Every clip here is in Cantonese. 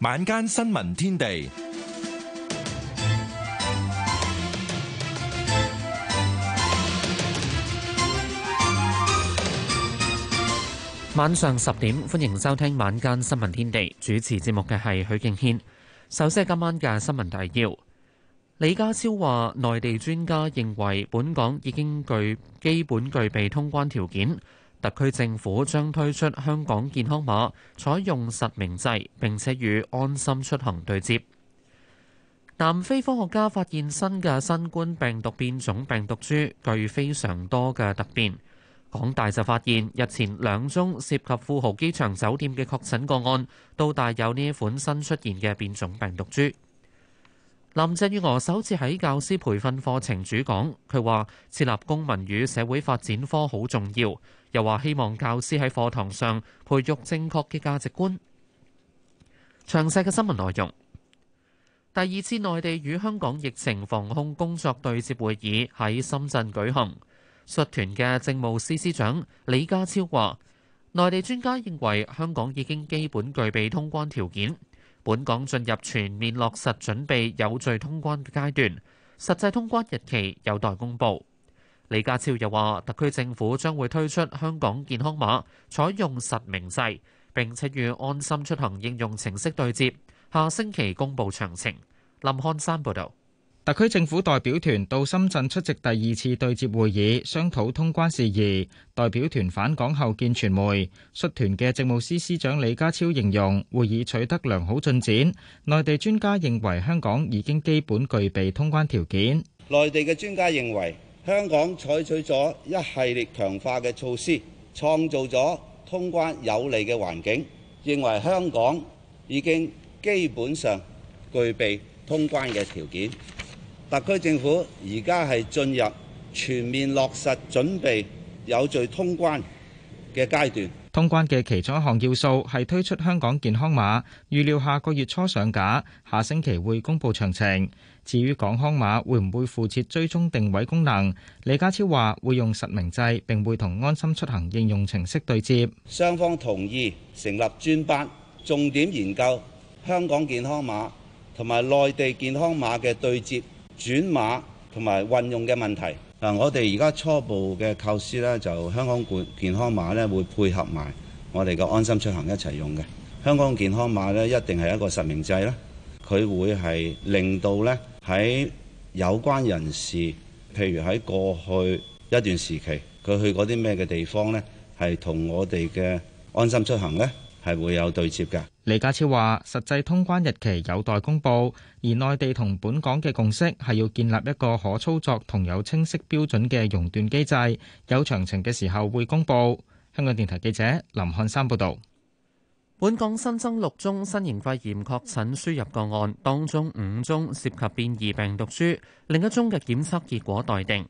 晚間新聞天地，晚上十點歡迎收聽晚間新聞天地。主持節目嘅係許敬軒。首先係今晚嘅新聞大要。李家超話，內地專家認為，本港已經具基本具備通關條件。特區政府將推出香港健康碼，採用實名制，並且與安心出行對接。南非科學家發現新嘅新冠病毒變種病毒株，具非常多嘅突變。港大就發現日前兩宗涉及富豪機場酒店嘅確診個案，都帶有呢一款新出現嘅變種病毒株。林鄭月娥首次喺教師培訓課程主講，佢話設立公民與社會發展科好重要。又話希望教師喺課堂上培育正確嘅價值觀。詳細嘅新聞內容，第二次內地與香港疫情防控工作對接會議喺深圳舉行。率團嘅政務司司長李家超話，內地專家認為香港已經基本具備通關條件，本港進入全面落實準備有序通關嘅階段，實際通關日期有待公布。李家超又話，特區政府將會推出香港健康碼，採用實名制，並且與安心出行應用程式對接。下星期公布詳情。林漢山報導，特區政府代表團到深圳出席第二次對接會議，商討通關事宜。代表團返港後見傳媒，率團嘅政務司司長李家超形容，會議取得良好進展。內地專家認為香港已經基本具備通關條件。內地嘅專家認為。香港採取咗一系列強化嘅措施，創造咗通關有利嘅環境，認為香港已經基本上具備通關嘅條件。特區政府而家係進入全面落實準備，有序通關。嘅階段，通關嘅其中一項要素係推出香港健康碼，預料下個月初上架，下星期會公布詳情。至於港康碼會唔會附設追蹤定位功能，李家超話會用實名制，並會同安心出行應用程式對接。雙方同意成立專班，重點研究香港健康碼同埋內地健康碼嘅對接、轉碼同埋運用嘅問題。嗱、啊，我哋而家初步嘅構思呢，就香港健健康碼呢會配合埋我哋嘅安心出行一齊用嘅。香港健康碼呢，一定係一個實名制啦，佢會係令到呢喺有關人士，譬如喺過去一段時期，佢去嗰啲咩嘅地方呢，係同我哋嘅安心出行呢。係會有對接嘅。李家超話：實際通關日期有待公布，而內地同本港嘅共識係要建立一個可操作同有清晰標準嘅熔斷機制。有詳情嘅時候會公布。香港電台記者林漢山報道，本港新增六宗新型肺炎確診輸入個案，當中五宗涉及變異病毒株，另一宗嘅檢測結果待定。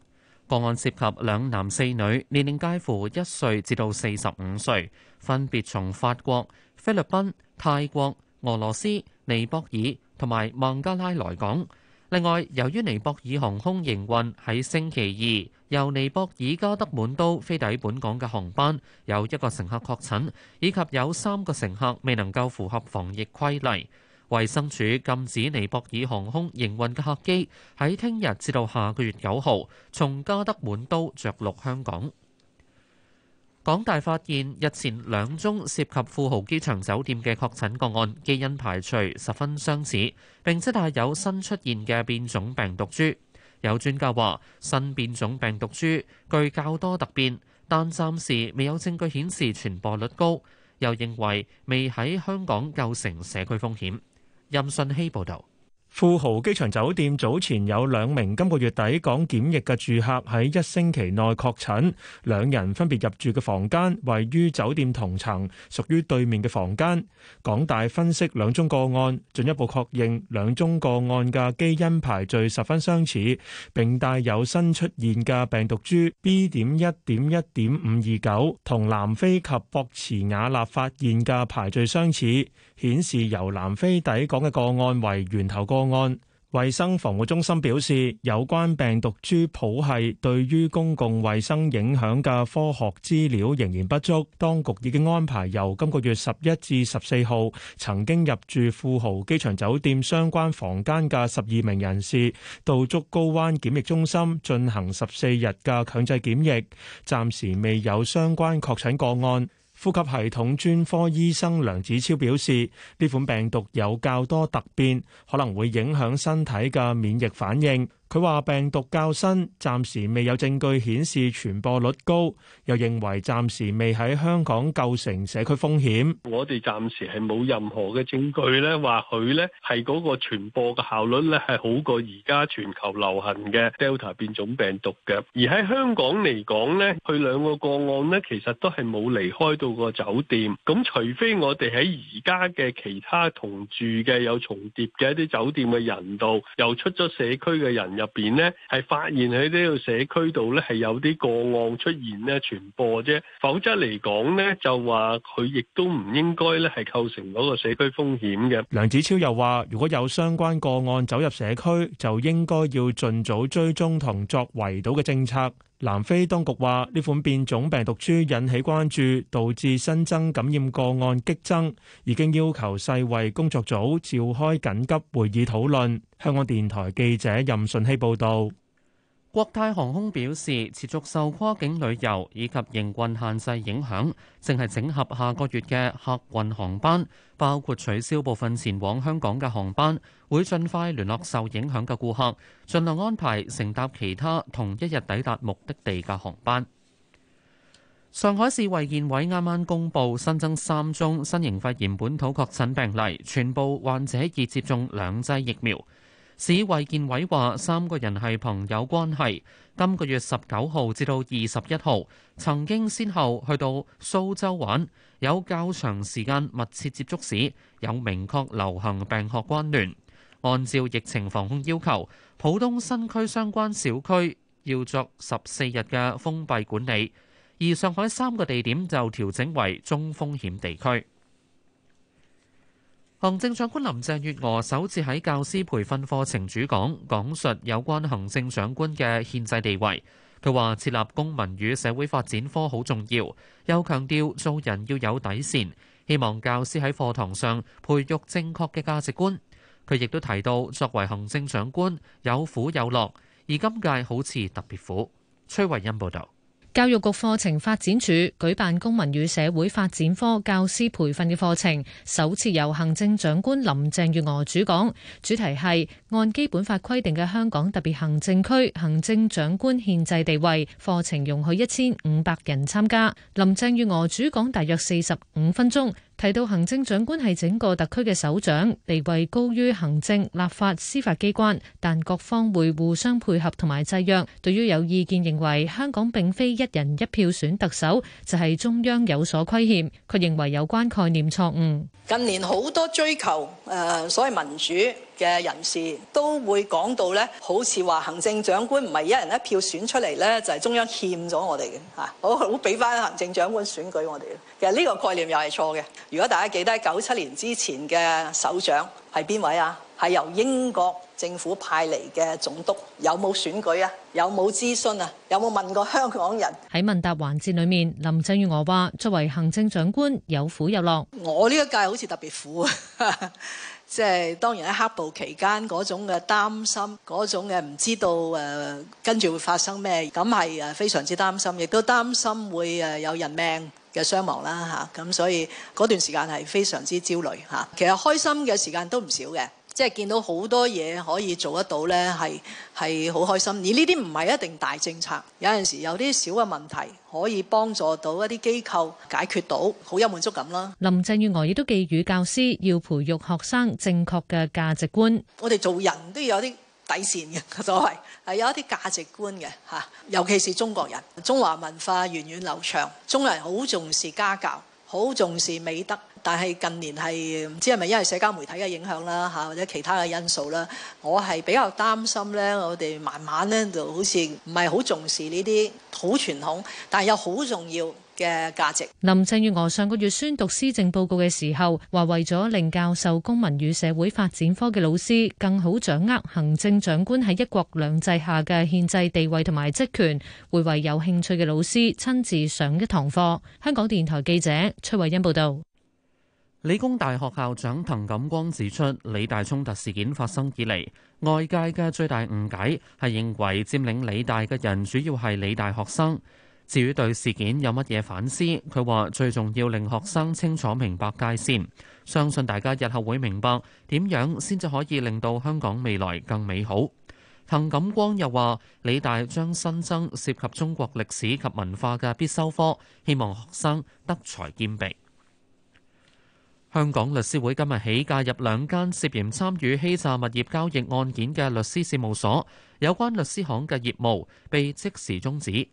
個案涉及兩男四女，年齡介乎一歲至到四十五歲，分別從法國、菲律賓、泰國、俄羅斯、尼泊爾同埋孟加拉來港。另外，由於尼泊爾航空營運喺星期二，由尼泊爾加德滿都飛抵本港嘅航班有一個乘客確診，以及有三個乘客未能夠符合防疫規例。衛生署禁止尼泊爾航空營運嘅客機喺聽日至到下個月九號從加德滿都着陸香港。港大發現日前兩宗涉及富豪機場酒店嘅確診個案基因排除十分相似，並且帶有新出現嘅變種病毒株。有專家話，新變種病毒株具較多突變，但暫時未有證據顯示傳播率高，又認為未喺香港構成社區風險。任信希報道：富豪機場酒店早前有兩名今個月底港檢疫嘅住客喺一星期內確診，兩人分別入住嘅房間位於酒店同層，屬於對面嘅房間。港大分析兩宗個案，進一步確認兩宗個案嘅基因排序十分相似，並帶有新出現嘅病毒株 B. 點一點一點五二九，同南非及博茨瓦納發現嘅排序相似。顯示由南非抵港嘅個案為源頭個案。衛生防護中心表示，有關病毒株譜系對於公共衛生影響嘅科學資料仍然不足。當局已經安排由今個月十一至十四號曾經入住富豪機場酒店相關房間嘅十二名人士到竹篙灣檢疫中心進行十四日嘅強制檢疫，暫時未有相關確診個案。呼吸系統專科醫生梁子超表示，呢款病毒有較多突變，可能會影響身體嘅免疫反應。佢話病毒較新，暫時未有證據顯示傳播率高，又認為暫時未喺香港構成社區風險，我哋暫時係冇任何嘅證據咧，話佢咧係嗰個傳播嘅效率咧係好過而家全球流行嘅 Delta 變種病毒嘅。而喺香港嚟講咧，佢兩個個案咧其實都係冇離開到個酒店。咁除非我哋喺而家嘅其他同住嘅有重疊嘅一啲酒店嘅人度，又出咗社區嘅人。入邊咧，係發現喺呢個社區度咧，係有啲個案出現咧傳播啫。否則嚟講咧，就話佢亦都唔應該咧，係構成嗰個社區風險嘅。梁子超又話，如果有相關個案走入社區，就應該要盡早追蹤同作圍堵嘅政策。南非當局話：呢款變種病毒株引起關注，導致新增感染個案激增，已經要求世衛工作組召開緊急會議討論。香港電台記者任順希報導。國泰航空表示，持續受跨境旅遊以及營運限制影響，正係整合下個月嘅客運航班，包括取消部分前往香港嘅航班，會盡快聯絡受影響嘅顧客，盡量安排乘搭其他同一日抵達目的地嘅航班。上海市衛健委啱啱公布新增三宗新型肺炎本土確診病例，全部患者已接種兩劑疫苗。市衛健委話，三個人係朋友關係，今個月十九號至到二十一號，曾經先後去到蘇州玩，有較長時間密切接觸史，有明確流行病學關聯。按照疫情防控要求，浦東新區相關小區要作十四日嘅封閉管理，而上海三個地點就調整為中風險地區。行政長官林鄭月娥首次喺教師培訓課程主講，講述有關行政長官嘅憲制地位。佢話設立公民與社會發展科好重要，又強調做人要有底線，希望教師喺課堂上培育正確嘅價值觀。佢亦都提到，作為行政長官有苦有樂，而今屆好似特別苦。崔慧恩報道。教育局課程發展處舉辦公民與社會發展科教師培訓嘅課程，首次由行政長官林鄭月娥主講，主題係按基本法規定嘅香港特別行政區行政長官憲制地位。課程容許一千五百人參加，林鄭月娥主講大約四十五分鐘。提到行政長官係整個特區嘅首長，地位高於行政、立法、司法機關，但各方會互相配合同埋制約。對於有意見認為香港並非一人一票選特首，就係、是、中央有所虧欠，佢認為有關概念錯誤。近年好多追求誒，所謂民主嘅人士都會講到咧，好似話行政長官唔係一人一票選出嚟咧，就係、是、中央欠咗我哋嘅嚇，好好俾翻行政長官選舉我哋。其實呢個概念又係錯嘅。如果大家記得九七年之前嘅首長係邊位啊？係由英國政府派嚟嘅總督，有冇選舉有有啊？有冇諮詢啊？有冇問過香港人？喺問答環節裡面，林鄭月娥話：作為行政長官，有苦有樂。我呢一屆好似特別苦啊！ 即、就是、當然喺黑暴期間嗰種嘅擔心，嗰種嘅唔知道誒、呃、跟住會發生咩，咁係誒非常之擔心，亦都擔心會誒有人命嘅傷亡啦嚇。啊、咁所以嗰段時間係非常之焦慮嚇、啊。其實開心嘅時間都唔少嘅。即係見到好多嘢可以做得到咧，係係好開心。而呢啲唔係一定大政策，有陣時有啲小嘅問題可以幫助到一啲機構解決到，好有滿足感啦。林鄭月娥亦都寄語教師要培育學生正確嘅價值觀。我哋做人都要有啲底線嘅，所謂，係、就是、有一啲價值觀嘅嚇，尤其是中國人，中華文化源遠，遠流長，中國人好重視家教。好重視美德，但係近年係唔知係咪因為社交媒體嘅影響啦，或者其他嘅因素啦，我係比較擔心咧，我哋慢慢咧就好似唔係好重視呢啲好傳統，但係又好重要，嘅林鄭月娥上個月宣讀施政報告嘅時候，話為咗令教授公民與社會發展科嘅老師更好掌握行政長官喺一國兩制下嘅憲制地位同埋職權，會為有興趣嘅老師親自上一堂課，課。香港電台記者崔慧欣報道。理工大學校長滕錦光指出，理大衝突事件發生以嚟，外界嘅最大誤解係認為佔領理大嘅人主要係理大學生。至於對事件有乜嘢反思，佢話最重要令學生清楚明白界線，相信大家日後會明白點樣先至可以令到香港未來更美好。滕錦光又話，理大將新增涉及中國歷史及文化嘅必修科，希望學生德才兼備。香港律師會今日起介入兩間涉嫌參與欺詐物業交易案件嘅律師事務所，有關律師行嘅業務被即時中止。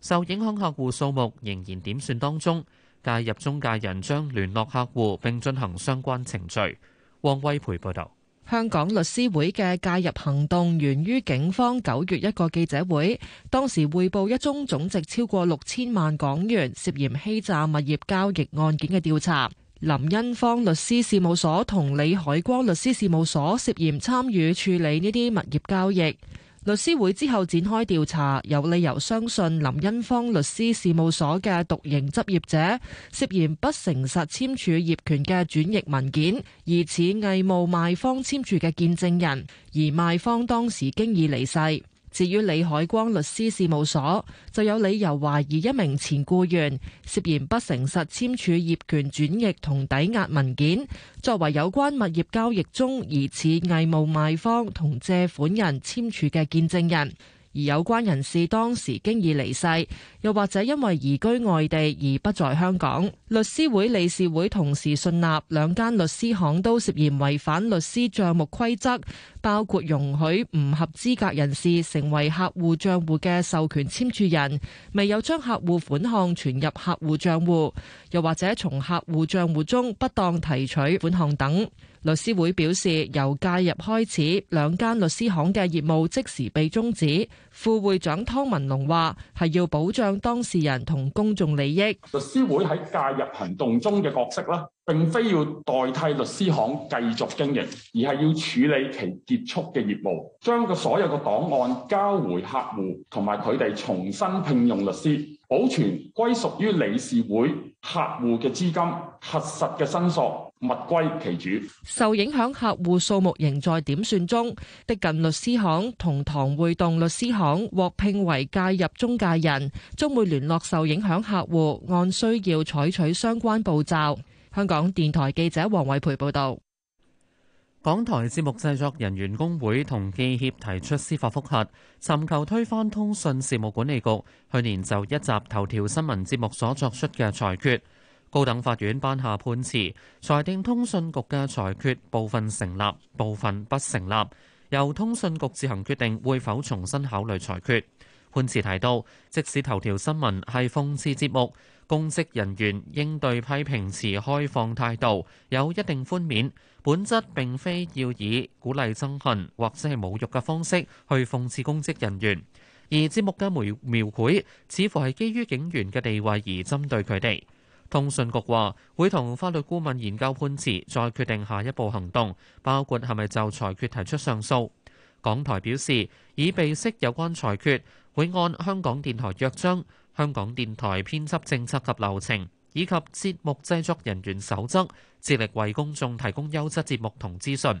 受影響客戶數目仍然點算當中，介入中介人將聯絡客戶並進行相關程序。王威培報導，香港律師會嘅介入行動源於警方九月一個記者會，當時匯報一宗總值超過六千萬港元涉嫌欺詐物業交易案件嘅調查。林欣芳律師事務所同李海光律師事務所涉嫌參與處理呢啲物業交易。律師會之後展開調查，有理由相信林恩芳律師事務所嘅獨營執業者涉嫌不誠實簽署業權嘅轉譯文件，疑似偽冒賣方簽署嘅見證人，而賣方當時經已離世。至於李海光律師事務所，就有理由懷疑一名前僱員涉嫌不誠實簽署業權轉譯同抵押文件，作為有關物業交易中疑似偽冒賣方同借款人簽署嘅見證人。而有關人士當時經已離世，又或者因為移居外地而不在香港。律師會理事會同時信納兩間律師行都涉嫌違反律師帳目規則，包括容許唔合資格人士成為客戶帳戶嘅授權簽署人，未有將客戶款項存入客戶帳戶，又或者從客戶帳戶中不當提取款項等。律師會表示，由介入開始，兩間律師行嘅業務即時被終止。副會長湯文龍話，係要保障當事人同公眾利益。律師會喺介入行動中嘅角色咧，並非要代替律師行繼續經營，而係要處理其結束嘅業務，將個所有嘅檔案交回客戶，同埋佢哋重新聘用律師，保存歸屬於理事會客戶嘅資金，核實嘅申索。物歸其主。受影響客戶數目仍在點算中。的近律師行同唐匯棟律師行獲聘為介入中介人，將會聯絡受影響客戶，按需要採取相關步驟。香港電台記者黃偉培報導。港台節目製作人員工會同記協提出司法覆核，尋求推翻通訊事務管理局去年就一集《頭條新聞》節目所作出嘅裁決。高等法院頒下判詞，裁定通訊局嘅裁決部分成立，部分不成立，由通訊局自行決定會否重新考慮裁決。判詞提到，即使頭條新聞係諷刺節目，公職人員應對批評持開放態度，有一定寬免，本質並非要以鼓勵憎恨或者係侮辱嘅方式去諷刺公職人員，而節目嘅描繪似乎係基於警員嘅地位而針對佢哋。通訊局話會同法律顧問研究判詞，再決定下一步行動，包括係咪就裁決提出上訴。港台表示已備悉有關裁決，會按香港電台約章、香港電台編輯政策及流程，以及節目製作人員守則，致力為公眾提供優質節目同資訊。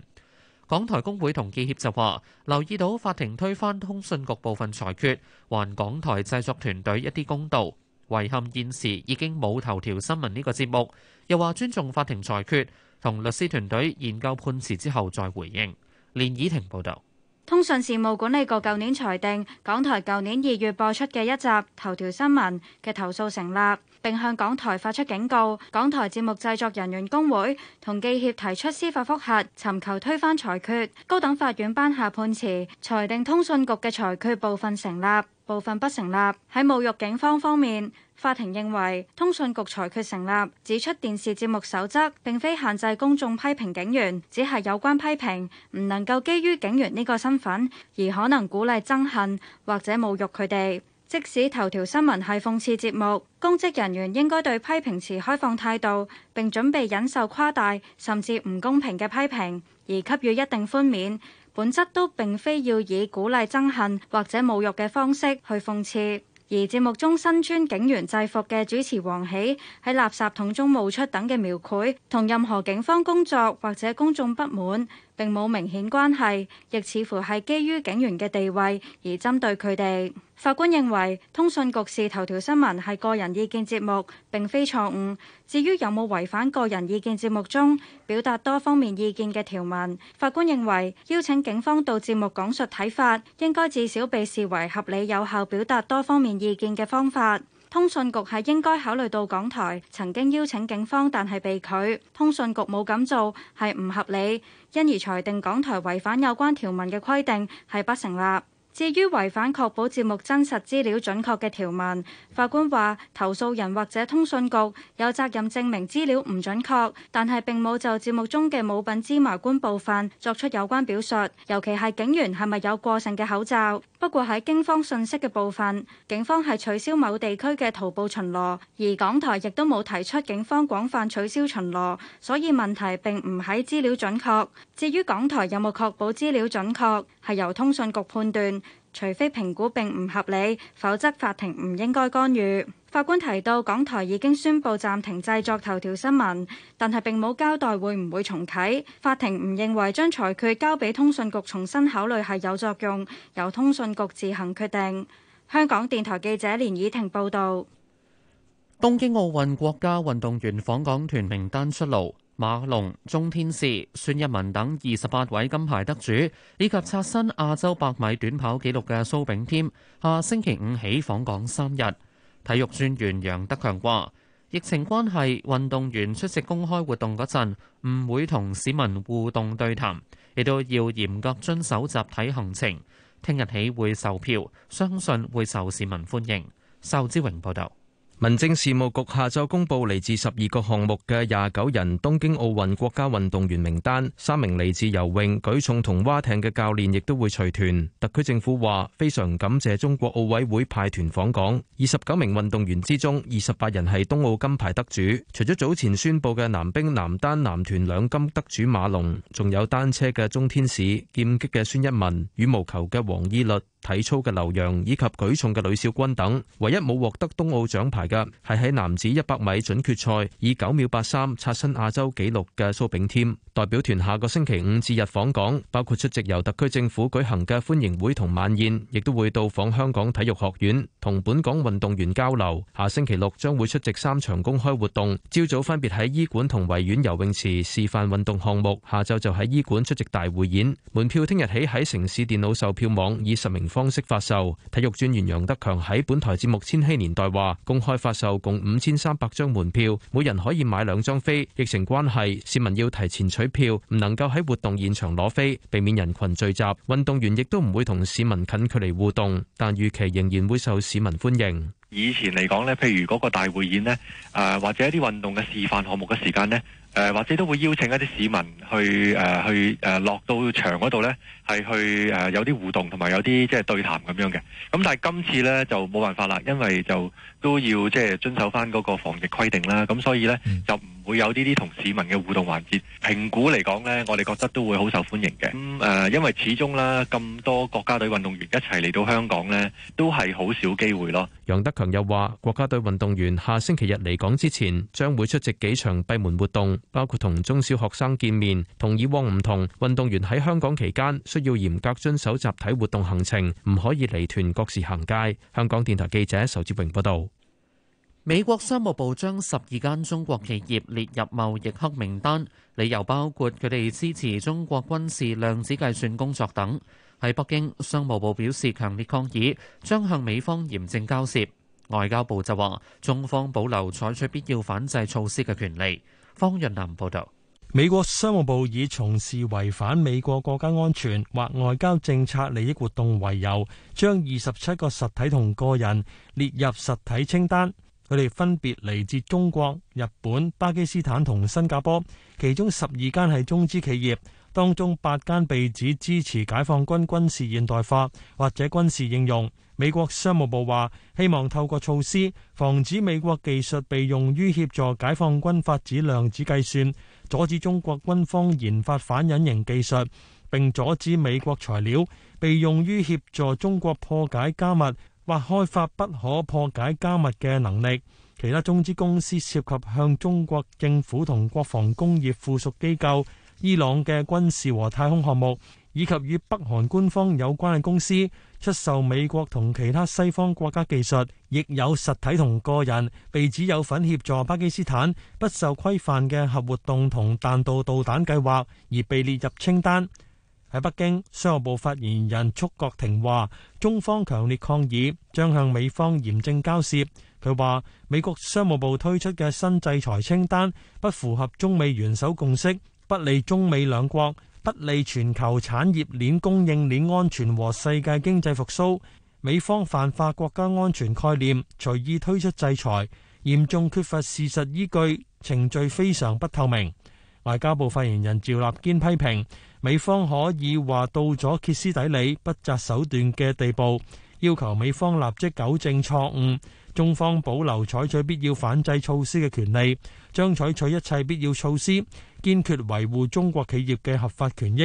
港台工會同記協就話留意到法庭推翻通訊局部分裁決，還港台製作團隊一啲公道。遺憾現時已經冇頭條新聞呢個節目，又話尊重法庭裁決，同律師團隊研究判詞之後再回應。連倚婷報導，通訊事務管理局舊年裁定港台舊年二月播出嘅一集《頭條新聞》嘅投訴成立，並向港台發出警告。港台節目製作人員工會同記協提出司法覆核，尋求推翻裁決。高等法院頒下判詞，裁定通訊局嘅裁決部分成立。部分不成立。喺侮辱警方方面，法庭認為通訊局裁決成立，指出電視節目守則並非限制公眾批評警員，只係有關批評唔能夠基於警員呢個身份，而可能鼓勵憎恨或者侮辱佢哋。即使頭條新聞係諷刺節目，公職人員應該對批評持開放態度，並準備忍受誇大甚至唔公平嘅批評，而給予一定寬免。本質都並非要以鼓勵憎恨或者侮辱嘅方式去諷刺，而節目中身穿警員制服嘅主持王喜喺垃圾桶中冒出等嘅描繪，同任何警方工作或者公眾不滿並冇明顯關係，亦似乎係基於警員嘅地位而針對佢哋。法官認為，通訊局視頭條新聞係個人意見節目，並非錯誤。至於有冇違反個人意見節目中表達多方面意見嘅條文，法官認為，邀請警方到節目講述睇法，應該至少被視為合理有效表達多方面意見嘅方法。通訊局係應該考慮到港台曾經邀請警方，但係被拒，通訊局冇噉做係唔合理，因而裁定港台違反有關條文嘅規定係不成立。至於違反確保節目真實資料準確嘅條文，法官話：投訴人或者通訊局有責任證明資料唔準確，但係並冇就節目中嘅冇品芝麻官部分作出有關表述，尤其係警員係咪有過剩嘅口罩。不過喺警方訊息嘅部分，警方係取消某地區嘅徒步巡邏，而港台亦都冇提出警方廣泛取消巡邏，所以問題並唔喺資料準確。至於港台有冇確保資料準確？係由通訊局判斷，除非評估並唔合理，否則法庭唔應該干預。法官提到，港台已經宣布暫停製作頭條新聞，但係並冇交代會唔會重啟。法庭唔認為將裁決交俾通訊局重新考慮係有作用，由通訊局自行決定。香港電台記者連以婷報道。東京奧運國家運動員訪港團名單出爐。馬龍、鍾天使、孫一文等二十八位金牌得主，以及刷新亞洲百米短跑紀錄嘅蘇炳添，下星期五起訪港三日。體育專員楊德強話：疫情關係，運動員出席公開活動嗰陣，唔會同市民互動對談，亦都要嚴格遵守集體行程。聽日起會售票，相信會受市民歡迎。仇志榮報道。民政事務局下晝公布嚟自十二個項目嘅廿九人東京奧運國家運動員名單，三名嚟自游泳、舉重同蛙艇嘅教練亦都會隨團。特區政府話非常感謝中國奧委會派團訪港。二十九名運動員之中，二十八人係東奧金牌得主，除咗早前宣布嘅男乒男單男團兩金得主馬龍，仲有單車嘅鍾天使、劍擊嘅孫一文、羽毛球嘅黃怡律。體操嘅劉洋以及舉重嘅呂小軍等，唯一冇獲得東奧獎牌嘅係喺男子一百米準決賽以九秒八三刷新亞洲紀錄嘅蘇炳添。代表團下個星期五至日訪港，包括出席由特區政府舉行嘅歡迎會同晚宴，亦都會到訪香港體育學院同本港運動員交流。下星期六將會出席三場公開活動，朝早分別喺伊館同維園游泳池示範運動項目，下晝就喺伊館出席大匯演。門票聽日起喺城市電腦售票網以實名方式發售，體育專員楊德強喺本台節目《千禧年代》話，公開發售共五千三百張門票，每人可以買兩張飛。疫情關係，市民要提前取票，唔能夠喺活動現場攞飛，避免人群聚集。運動員亦都唔會同市民近距離互動，但預期仍然會受市民歡迎。以前嚟講咧，譬如嗰個大會演咧，誒或者一啲運動嘅示範項目嘅時間咧，誒或者都會邀請一啲市民去誒去誒落到場嗰度咧。係去誒有啲互動同埋有啲即係對談咁樣嘅，咁但係今次呢就冇辦法啦，因為就都要即係遵守翻嗰個防疫規定啦，咁所以呢就唔會有呢啲同市民嘅互動環節。評估嚟講呢，我哋覺得都會好受歡迎嘅。咁誒，因為始終啦，咁多國家隊運動員一齊嚟到香港呢，都係好少機會咯。楊德強又話，國家隊運動員下星期日嚟港之前，將會出席幾場閉門活動，包括同中小學生見面。同以往唔同，運動員喺香港期間，要嚴格遵守集體活動行程，唔可以離團各自行街。香港電台記者仇志榮報導。美國商務部將十二間中國企業列入貿易黑名單，理由包括佢哋支持中國軍事量子計算工作等。喺北京，商務部表示強烈抗議，將向美方嚴正交涉。外交部就話，中方保留採取必要反制措施嘅權利。方潤南報導。美國商務部以從事違反美國國家安全或外交政策利益活動為由，將二十七個實體同個人列入實體清單。佢哋分別嚟自中國、日本、巴基斯坦同新加坡，其中十二間係中資企業，當中八間被指支持解放軍軍事現代化或者軍事應用。美國商務部話，希望透過措施防止美國技術被用於協助解放軍發展量子計算，阻止中國軍方研發反隱形技術，並阻止美國材料被用於協助中國破解加密或開發不可破解加密嘅能力。其他中資公司涉及向中國政府同國防工業附屬機構、伊朗嘅軍事和太空項目，以及與北韓官方有關嘅公司。出售美國同其他西方國家技術，亦有實體同個人被指有份協助巴基斯坦不受規範嘅核活動同彈道導彈計劃而被列入清單。喺北京，商務部發言人束國庭話，中方強烈抗議，將向美方嚴正交涉。佢話美國商務部推出嘅新制裁清單不符合中美元首共識，不利中美兩國，不利全球產業鏈供應鏈安全和世界經濟復蘇。美方泛化國家安全概念，隨意推出制裁，嚴重缺乏事實依據，程序非常不透明。外交部發言人趙立堅批評美方可以話到咗歇斯底里、不擇手段嘅地步，要求美方立即糾正錯誤。中方保留採取必要反制措施嘅權利，將採取一切必要措施，堅決維護中國企業嘅合法權益。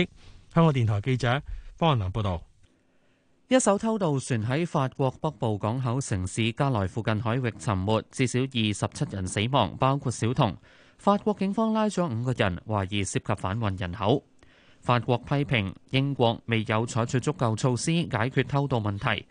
香港電台記者方雲南報道：一艘偷渡船喺法國北部港口城市加萊附近海域沉沒，至少二十七人死亡，包括小童。法國警方拉咗五個人，懷疑涉及販運人口。法國批評英國未有採取足夠措施解決偷渡問題。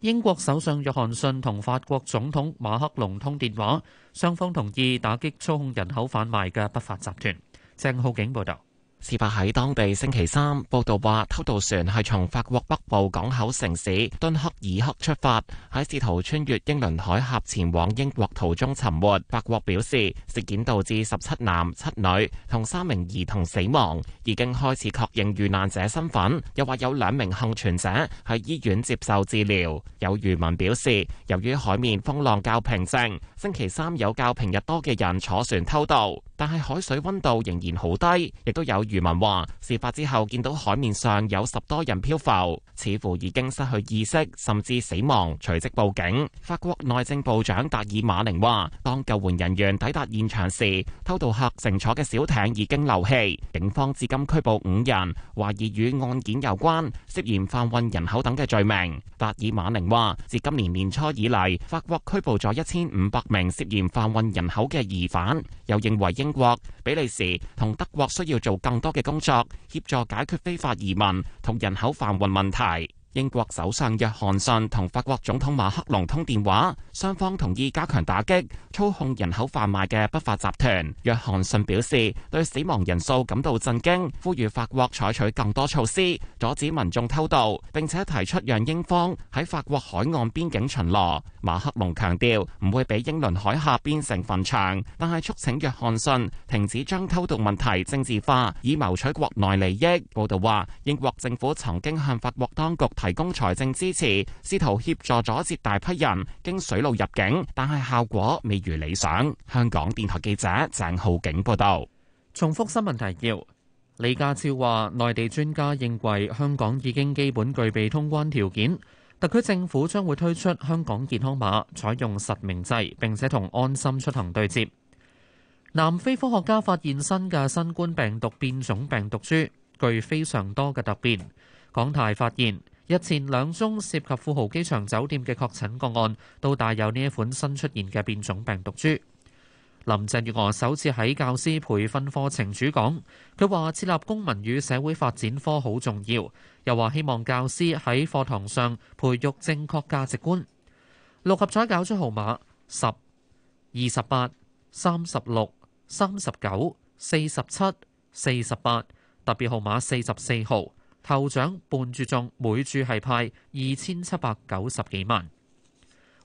英國首相約翰遜同法國總統馬克龍通電話，雙方同意打擊操控人口販賣嘅不法集團。鄭浩景報道。事發喺當地星期三，報道話偷渡船係從法國北部港口城市敦克爾克出發，喺試圖穿越英倫海峽前往英國途中沉沒。法國表示事件導致十七男七女同三名兒童死亡，已經開始確認遇難者身份，又話有兩名幸存者喺醫院接受治療。有漁民表示，由於海面風浪較平靜，星期三有較平日多嘅人坐船偷渡，但係海水溫度仍然好低，亦都有。漁民話，事發之後見到海面上有十多人漂浮，似乎已經失去意識甚至死亡，隨即報警。法國內政部長達爾馬寧話，當救援人員抵達現場時，偷渡客乘坐嘅小艇已經漏氣。警方至今拘捕五人，懷疑與案件有關，涉嫌販運人口等嘅罪名。達爾馬寧話，自今年年初以嚟，法國拘捕咗一千五百名涉嫌販運人口嘅疑犯，又認為英國、比利時同德國需要做更多嘅工作，協助解決非法移民同人口販運問題。英國首相約翰遜同法國總統馬克龍通電話，雙方同意加強打擊操控人口販賣嘅不法集團。約翰遜表示對死亡人數感到震驚，呼籲法國採取更多措施阻止民眾偷渡，並且提出讓英方喺法國海岸邊境巡邏。馬克龍強調唔會俾英倫海峽變成墳場，但係促請約翰遜停止將偷渡問題政治化，以謀取國內利益。報道話，英國政府曾經向法國當局。提供財政支持，試圖協助阻截大批人經水路入境，但係效果未如理想。香港電台記者鄭浩景報道。重複新聞提要：李家超話，內地專家認為香港已經基本具備通關條件，特區政府將會推出香港健康碼，採用實名制，並且同安心出行對接。南非科學家發現新嘅新冠病毒變種病毒株，具非常多嘅突變。港泰發現。日前兩宗涉及富豪機場酒店嘅確診個案，都帶有呢一款新出現嘅變種病毒株。林鄭月娥首次喺教師培訓課程主講，佢話設立公民與社會發展科好重要，又話希望教師喺課堂上培育正確價值觀。六合彩攪出號碼：十、二十八、三十六、三十九、四十七、四十八，特別號碼四十四號。頭獎半注中，每注係派二千七百九十幾萬。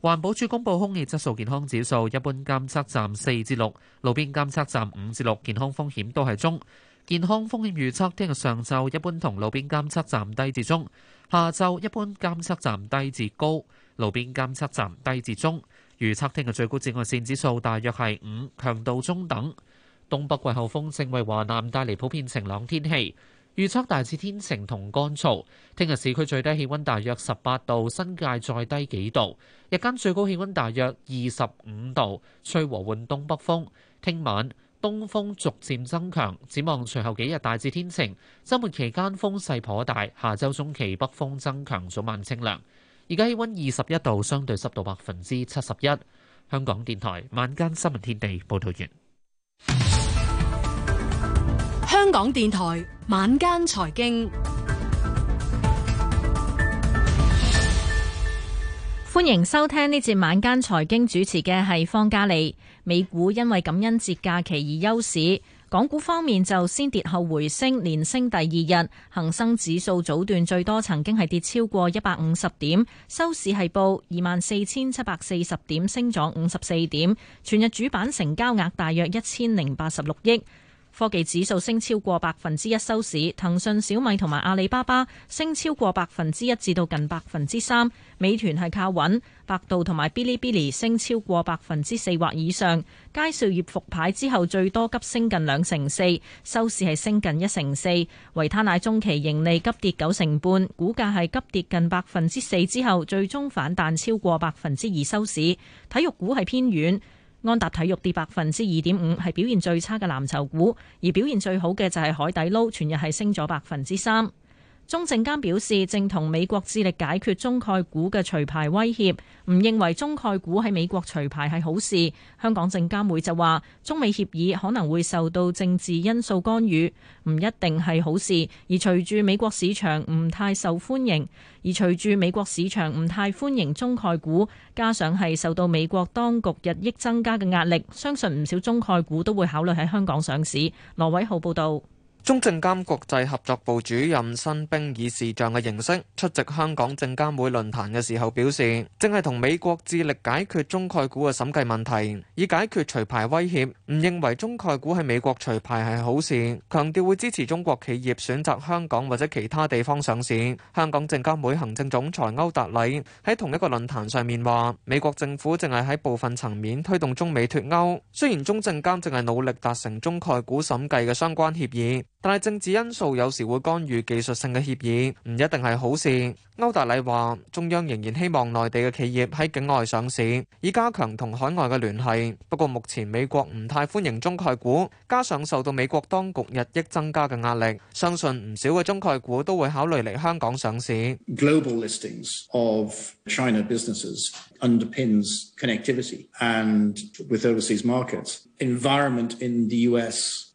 環保署公布空氣質素健康指數，一般監測站四至六，路邊監測站五至六，健康風險都係中。健康風險預測聽日上晝一般同路邊監測站低至中，下晝一般監測站低至高，路邊監測站低至中。預測聽日最高紫外線指數大約係五，強度中等。東北季候風正為華南帶嚟普遍晴朗天氣。預測大致天晴同乾燥，聽日市區最低氣溫大約十八度，新界再低幾度。日間最高氣溫大約二十五度，吹和緩東北風。聽晚東風逐漸增強，展望隨後幾日大致天晴。周末期間風勢頗大，下周中期北風增強，早晚清涼。而家氣溫二十一度，相對濕度百分之七十一。香港電台晚間新聞天地報道完。香港電台晚間財經，歡迎收聽呢節晚間財經，主持嘅係方嘉利。美股因為感恩節假期而休市，港股方面就先跌後回升，連升第二日。恒生指數早段最多曾經係跌超過一百五十點，收市係報二萬四千七百四十點，升咗五十四點。全日主板成交額大約一千零八十六億。科技指數升超過百分之一收市，騰訊、小米同埋阿里巴巴升超過百分之一至到近百分之三，美團係靠穩，百度同埋 Bilibili 升超過百分之四或以上，佳兆業復牌之後最多急升近兩成四，收市係升近一成四，維他奶中期盈利急跌九成半，股價係急跌近百分之四之後最終反彈超過百分之二收市，體育股係偏軟。安踏體育跌百分之二點五，係表現最差嘅藍籌股，而表現最好嘅就係海底撈，全日係升咗百分之三。中證監表示，正同美國致力解決中概股嘅除牌威脅，唔認為中概股喺美國除牌係好事。香港證監會就話，中美協議可能會受到政治因素干預，唔一定係好事。而隨住美國市場唔太受歡迎，而隨住美國市場唔太歡迎中概股，加上係受到美國當局日益增加嘅壓力，相信唔少中概股都會考慮喺香港上市。羅偉浩報道。中證監國際合作部主任申兵以視像嘅形式出席香港證監會論壇嘅時候表示，正係同美國致力解決中概股嘅審計問題，以解決除牌威脅。唔認為中概股喺美國除牌係好事，強調會支持中國企業選擇香港或者其他地方上市。香港證監會行政總裁歐達禮喺同一個論壇上面話，美國政府正係喺部分層面推動中美脫鈎，雖然中證監正係努力達成中概股審計嘅相關協議。但係政治因素有時會干預技術性嘅協議，唔一定係好事。歐達禮話：中央仍然希望內地嘅企業喺境外上市，以加強同海外嘅聯繫。不過目前美國唔太歡迎中概股，加上受到美國當局日益增加嘅壓力，相信唔少嘅中概股都會考慮嚟香港上市。Global listings of China businesses underpins connectivity and with overseas markets environment in the US.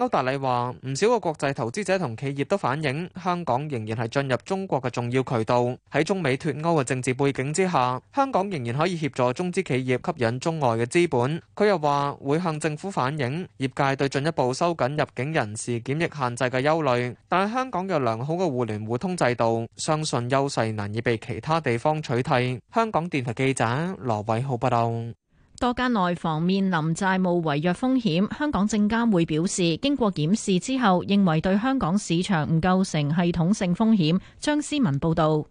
歐達里話：唔少個國際投資者同企業都反映，香港仍然係進入中國嘅重要渠道。喺中美脫鉤嘅政治背景之下，香港仍然可以協助中資企業吸引中外嘅資本。佢又話會向政府反映業界對進一步收緊入境人士檢疫限制嘅憂慮，但係香港有良好嘅互聯互通制度，相信優勢難以被其他地方取締。香港電台記者羅偉浩報道。多間內房面臨債務違約風險，香港證監會表示，經過檢視之後，認為對香港市場唔構成系統性風險。張思文報導。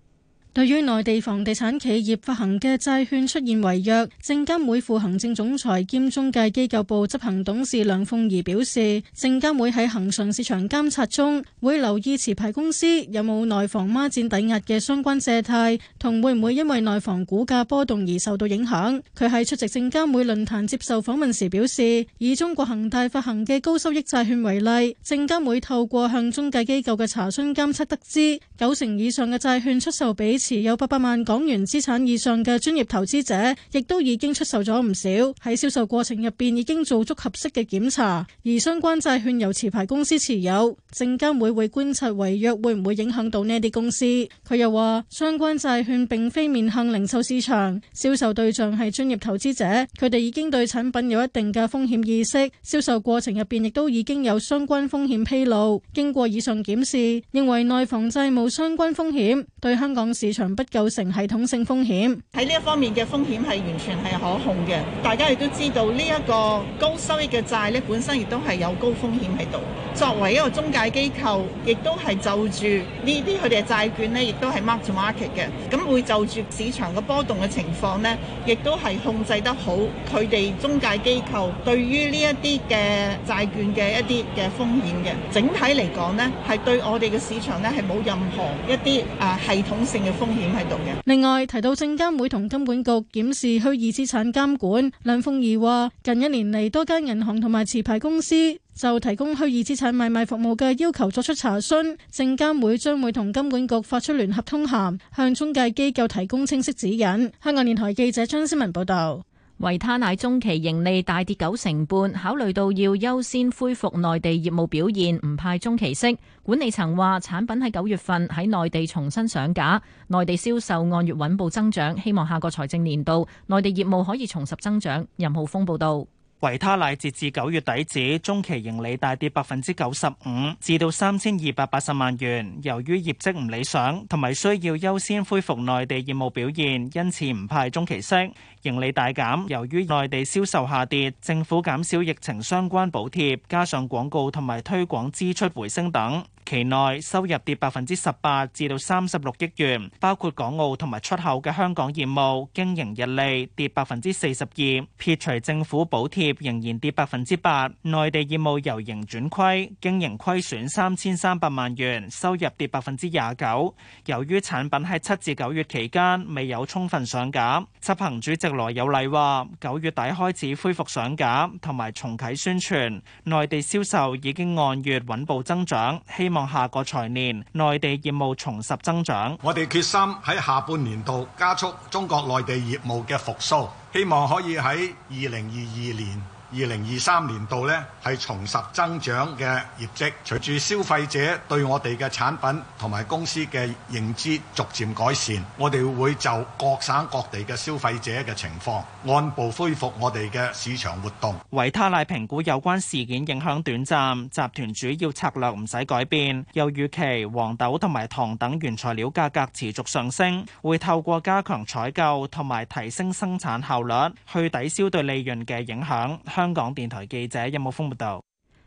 對於內地房地產企業發行嘅債券出現違約，證監會副行政總裁兼中介機構部執行董事梁鳳儀表示，證監會喺恒常市場監察中會留意持牌公司有冇內房孖展抵押嘅相關借貸，同會唔會因為內房股價波動而受到影響。佢喺出席證監會論壇接受訪問時表示，以中國恒大發行嘅高收益債券為例，證監會透過向中介機構嘅查詢監測得知，九成以上嘅債券出售俾。持有八百萬港元資產以上嘅專業投資者，亦都已經出售咗唔少。喺銷售過程入邊已經做足合適嘅檢查，而相關債券由持牌公司持有，證監會會觀察違約會唔會影響到呢啲公司。佢又話，相關債券並非面向零售市場，銷售對象係專業投資者，佢哋已經對產品有一定嘅風險意識。銷售過程入邊亦都已經有相關風險披露，經過以上檢視，認為內房債務相關風險對香港市。市場不構成系統性風險，喺呢一方面嘅風險係完全係可控嘅。大家亦都知道呢一個高收益嘅債咧，本身亦都係有高風險喺度。作為一個中介機構，亦都係就住呢啲佢哋嘅債券咧，亦都係 market market 嘅。咁會就住市場嘅波動嘅情況呢，亦都係控制得好佢哋中介機構對於呢一啲嘅債券嘅一啲嘅風險嘅。整體嚟講呢，係對我哋嘅市場呢係冇任何一啲啊系統性嘅風險。風險喺度嘅。另外提到證監會同金管局檢視虛擬資產監管，梁鳳儀話近一年嚟，多間銀行同埋持牌公司就提供虛擬資產買賣服務嘅要求作出查詢，證監會將會同金管局發出聯合通函，向中介機構提供清晰指引。香港電台記者張思文報道。維他奶中期盈利大跌九成半，考慮到要優先恢復內地業務表現，唔派中期息。管理層話產品喺九月份喺內地重新上架，內地銷售按月穩步增長，希望下個財政年度內地業務可以重拾增長。任浩峰報道。維他奶截至九月底止，中期盈利大跌百分之九十五，至到三千二百八十萬元。由於業績唔理想，同埋需要優先恢復內地業務表現，因此唔派中期息。盈利大減，由於內地銷售下跌，政府減少疫情相關補貼，加上廣告同埋推廣支出回升等，期內收入跌百分之十八至到三十六億元，包括港澳同埋出口嘅香港業務經營溢利跌百分之四十二，撇除政府補貼仍然跌百分之八，內地業務由盈轉虧，經營虧損三千三百萬元，收入跌百分之廿九，由於產品喺七至九月期間未有充分上架，執行主席。來有例話，九月底開始恢復上架，同埋重啟宣傳，內地銷售已經按月穩步增長，希望下個財年內地業務重拾增長。我哋決心喺下半年度加速中國內地業務嘅復蘇，希望可以喺二零二二年。 二零二三年度呢，係重拾增長嘅業績。隨住消費者對我哋嘅產品同埋公司嘅認知逐漸改善，我哋會就各省各地嘅消費者嘅情況，按部恢復我哋嘅市場活動。維他奶評估有關事件影響短暫，集團主要策略唔使改變，又預期黃豆同埋糖等原材料價格持續上升，會透過加強採購同埋提升生產效率去抵消對利潤嘅影響。香港電台記者任慕峰報道，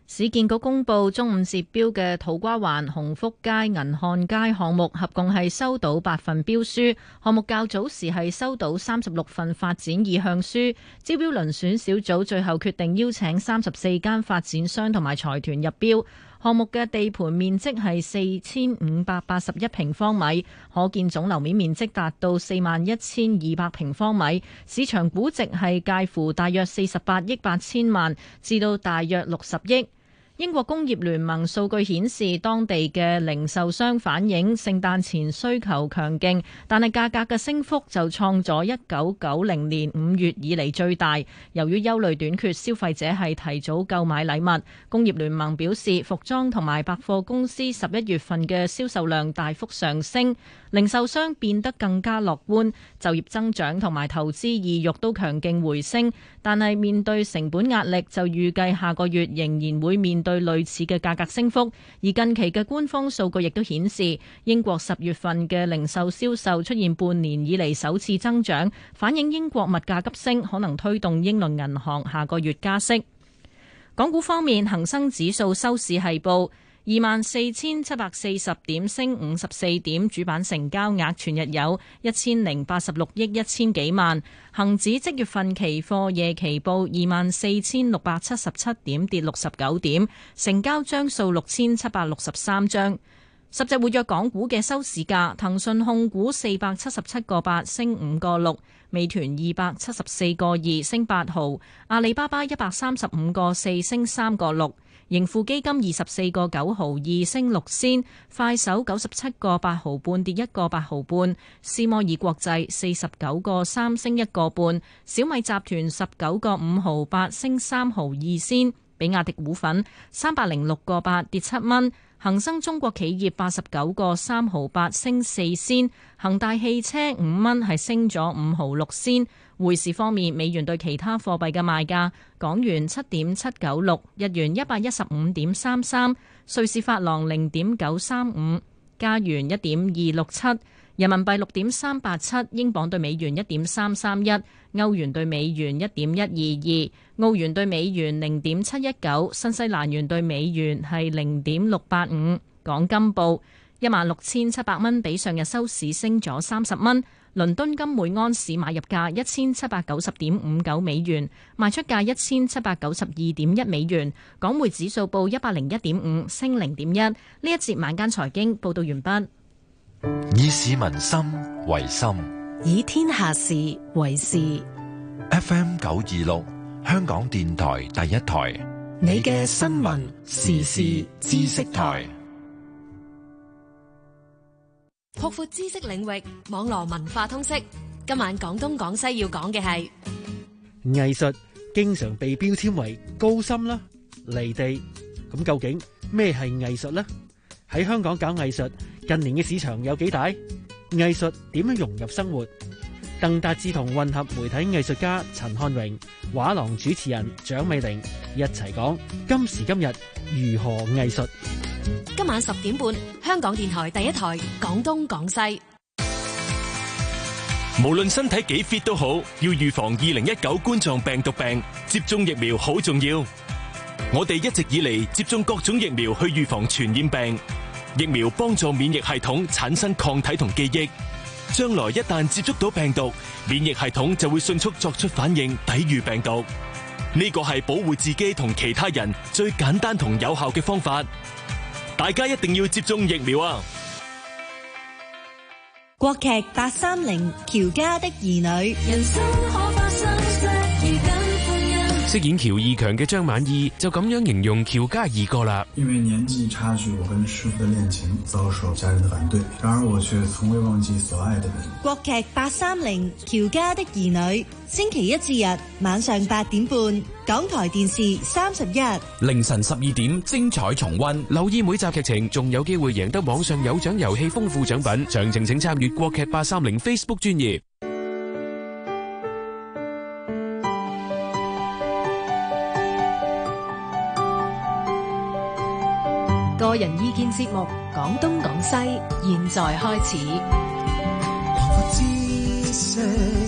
市建局公布中午截標嘅土瓜灣鴻福街、銀漢街項目，合共係收到八份標書。項目較早時係收到三十六份發展意向書，招標遴選小組最後決定邀請三十四間發展商同埋財團入標。項目嘅地盤面積係四千五百八十一平方米，可建總樓面面積達到四萬一千二百平方米，市場估值係介乎大約四十八億八千萬至到大約六十億。英國工業聯盟數據顯示，當地嘅零售商反映聖誕前需求強勁，但係價格嘅升幅就創咗一九九零年五月以嚟最大。由於憂慮短缺，消費者係提早購買禮物。工業聯盟表示，服裝同埋百貨公司十一月份嘅銷售量大幅上升。零售商變得更加樂觀，就業增長同埋投資意欲都強勁回升，但係面對成本壓力，就預計下個月仍然會面對類似嘅價格升幅。而近期嘅官方數據亦都顯示，英國十月份嘅零售銷售出現半年以嚟首次增長，反映英國物價急升，可能推動英倫銀行下個月加息。港股方面，恒生指數收市係報。二萬四千七百四十點升五十四點，主板成交額全日有一千零八十六億一千幾萬。恒指即月份期貨夜期報二萬四千六百七十七點跌六十九點，成交張數六千七百六十三張。十隻活躍港股嘅收市價：騰訊控股四百七十七個八升五個六，美團二百七十四個二升八毫，阿里巴巴一百三十五個四升三個六。盈富基金二十四個九毫二升六仙，快手九十七個八毫半跌一個八毫半，斯摩爾國際四十九個三升一個半，小米集團十九個五毫八升三毫二仙，比亞迪股份三百零六個八跌七蚊。恒生中國企業八十九個三毫八升四仙，恒大汽車五蚊係升咗五毫六仙。匯市方面，美元對其他貨幣嘅賣價：港元七點七九六，日元一百一十五點三三，瑞士法郎零點九三五，加元一點二六七。人民幣六點三八七，英鎊對美元一點三三一，歐元對美元一點一二二，澳元對美元零點七一九，新西蘭元對美元係零點六八五。港金報一萬六千七百蚊，16，比上日收市升咗三十蚊。倫敦金每盎司買入價一千七百九十點五九美元，賣出價一千七百九十二點一美元。港匯指數報 5, 1, 一百零一點五，升零點一。呢一節晚間財經報導完畢。以市民心為心，以天下事為事。F. M. 九二六，香港電台第一台，你嘅新聞時事知識台，擴闊知識領域，網絡文化通識。今晚廣東廣西要講嘅係藝術，經常被標籤為高深啦、離地。咁究竟咩係藝術呢？喺香港搞藝術。近年嘅市場有幾大？藝術點樣融入生活？鄧達志同混合媒體藝術家陳漢榮、畫廊主持人蔣美玲一齊講今時今日如何藝術。今晚十點半，香港電台第一台，廣東廣西。無論身體幾 fit 都好，要預防二零一九冠狀病毒病，接種疫苗好重要。我哋一直以嚟接種各種疫苗去預防傳染病。疫苗幫助免疫系統產生抗體同記憶，將來一旦接觸到病毒，免疫系統就會迅速作出反應，抵禦病毒。呢個係保護自己同其他人最簡單同有效嘅方法，大家一定要接種疫苗啊！國劇八三零喬家的兒女。飾演喬二強嘅張曼儀就咁樣形容喬家二哥啦。因為年紀差距，我跟師傅嘅戀情遭受家人的反對，然而我卻從未忘記所愛的人。國劇八三零《喬家的兒女》，星期一至日晚上八點半，港台電視三十一，凌晨十二點精彩重溫。留意每集劇情，仲有機會贏得網上有獎遊戲豐富獎品。詳情請參閱國劇八三零 Facebook 專頁。個人意見節目《講東講西》，現在開始。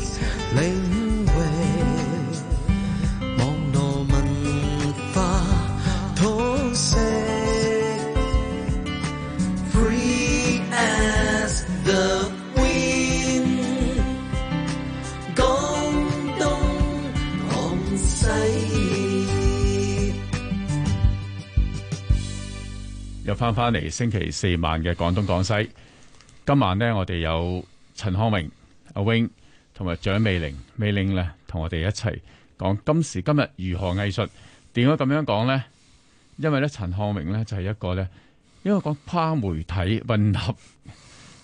翻翻嚟星期四晚嘅廣東廣西，今晚呢，我哋有陳康榮、阿 Wing 同埋蔣美玲，美玲咧同我哋一齊講今時今日如何藝術？點解咁樣講呢？因為咧陳康榮咧就係、是、一個咧，因為講跨媒體混合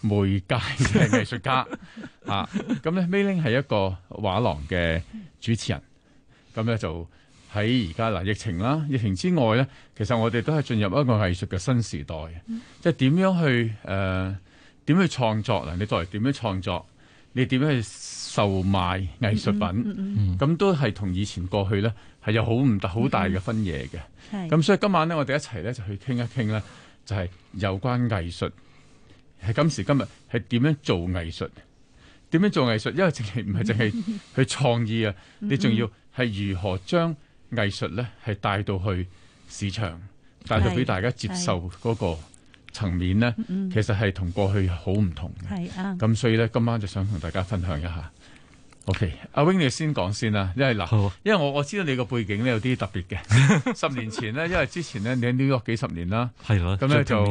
媒介嘅藝術家 啊，咁咧美玲係一個畫廊嘅主持人，咁咧就。喺而家嗱，在在疫情啦，疫情之外咧，其實我哋都係進入一個藝術嘅新時代，嗯、即係點樣去誒點、呃、去創作啦？你作為點樣創作？你點樣去售賣藝術品？咁、嗯嗯嗯、都係同以前過去咧係有好唔好大嘅分野嘅。咁、嗯嗯、所以今晚咧，我哋一齊咧就去傾一傾咧，就係、是、有關藝術，今時今日係點樣做藝術？點樣做藝術？因為淨係唔係淨係去創意啊？你仲要係如何將？.藝術咧係帶到去市場，帶是到俾大家接受嗰個層面咧，的其實係同過去好唔同嘅。咁的所以咧，今晚就想同大家分享一下。O.K.，阿 Wing 你先講先啦，因為嗱，好的因為我我知道你個背景咧有啲特別嘅。 十年前咧，因為之前咧，你喺 New York 幾十年啦，係啦的，咁咧就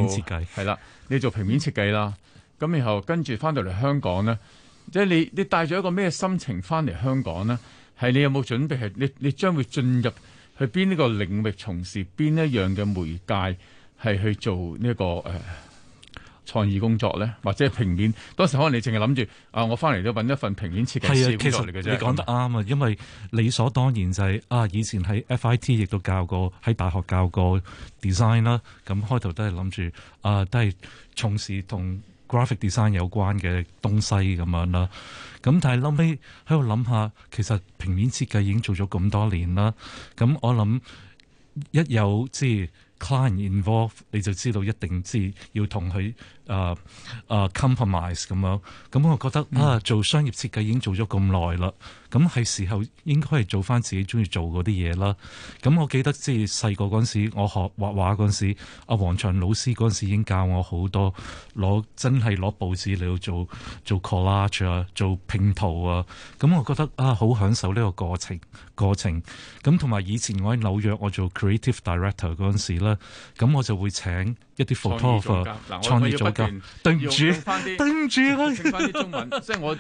係啦，你做平面設計啦，咁然，然後跟住翻到嚟香港咧，即係你你帶咗一個咩心情翻嚟香港咧？係，你有冇準備？係你你，將會進入去邊一個領域，從事邊一樣嘅媒介係去做呢、這個誒、呃、創意工作咧？或者平面？當時可能你淨係諗住啊，我返嚟都搵一份平面設計師工作嚟嘅啫。你講得啱啊，嗯、因為理所當然就係、是、啊，以前喺 FIT 亦都教過，喺大學教過 design 啦、啊。咁開頭都係諗住啊，都係從事同 graphic design 有關嘅東西咁樣啦。啊。咁但係落尾喺度諗下，其實平面設計已經做咗咁多年啦。咁我諗一有即係 client involved，你就知道一定即係要同佢啊啊 compromise 咁樣。咁我覺得、嗯、啊，做商業設計已經做咗咁耐啦。咁係時候應該係做翻自己中意做嗰啲嘢啦。咁我記得即係細個嗰陣時，我學畫畫嗰陣時，阿黃長老師嗰陣時已經教我好多攞真係攞報紙嚟做做 collage 啊，做拼圖啊。咁我覺得啊，好享受呢個過程過程。咁同埋以前我喺紐約，我做 creative director 嗰陣時咧，咁我就會請一啲 photographer 創意組合。對唔住，對唔住 中文！